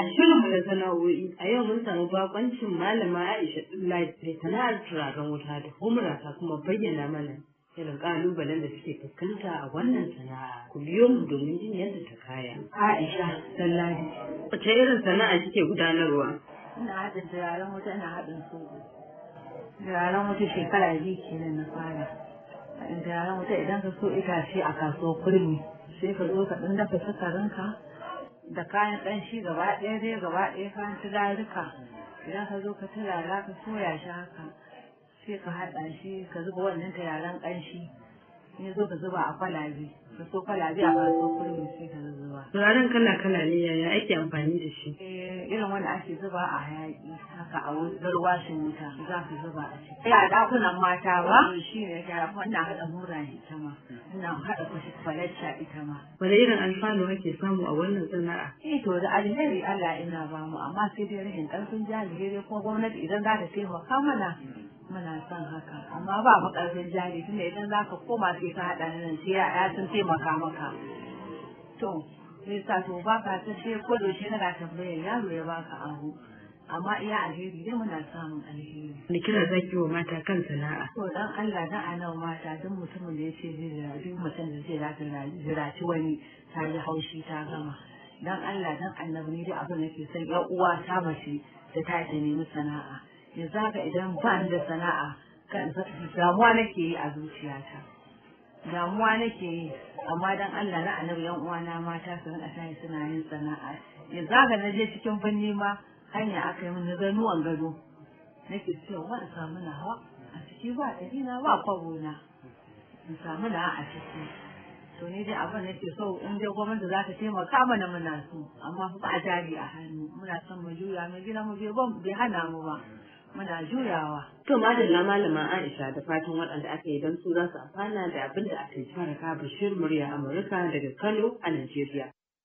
A shirin na sana'o'i a yau mun samu bakoncin malama Aisha Dullahi mai sana'ar turaren wuta da humra ta kuma bayyana mana irin kalubalen da suke fuskanta a wannan sana'a. Ku biyo mu domin jin yadda ta kaya. Aisha Dullahi. Wace irin sana'a kike gudanarwa? Ina haɗin turaren wuta na haɗin su. Turaren wuta shekara biyu kenan na fara. Haɗin turaren wuta idan ka so itace a kasuwar kurmi sai ka zo ka ɗan dafa sakarinka. da kayan ɗanshi gaba ɗaya dai gaba ɗaya kayan turaruka idan ka zo ka turara ka soya shi haka sai ka haɗa shi ka zuba wannan turaren ƙanshi in zo ka zuba a kwalabe ka so kwalabe a ba so kurmi sai ka zuba turaren kala kala ne yaya ake amfani da shi eh, irin wanda ake zuba a hayaki haka a garwashin wuta za su zuba a ciki Ya dakunan mata ba shi ne ya wannan haɗa mura ita ma ina haɗa kwashi falacca ita ma wani irin alfanu kake samu a wannan sana'a eh to da alheri Allah ina ba mu amma sai dai rashin ƙarfin jahilai ko gwamnati idan za ta taimaka mana muna son haka amma ba ƙarfin jari tunda idan za ka koma sai ka haɗa nan sai ya sun taimaka maka sa to ba ka ta ce ko da shi kana tambayar yaro ya baka abu amma iya alheri dai muna samun alheri. Ni kira zaki wa mata kan sana'a. To dan Allah dan anan mata duk mutumin da yace zai da duk mutum da zai zaka jiraci wani ta yi haushi ta gama. Dan Allah dan annabi ne dai abin da ke son yan uwa ta mace da ta ta nemi sana'a. Yanzu haka idan ba ni da sana'a kan damuwa nake yi a zuciyata. damuwa nake yi amma dan Allah na annabi yan uwana mata su rinka suna yin sana'a ya zaga na je cikin birni ma hanya aka yi mini zanuwan gado nake cewa wani samu nawa a ciki ba ɗarina ba na in samu na a ciki to ni dai abin nake so in dai gwamnati za ta taimaka mana muna so amma ba jari a hannu muna son mu juya mu gina mu bai hana mu ba muna juyawa. To madalla malama Aisha da fatan waɗanda aka yi don su za su amfana da abinda aka yi. Faraka Bashir murya Amurka daga Kano a Najeriya.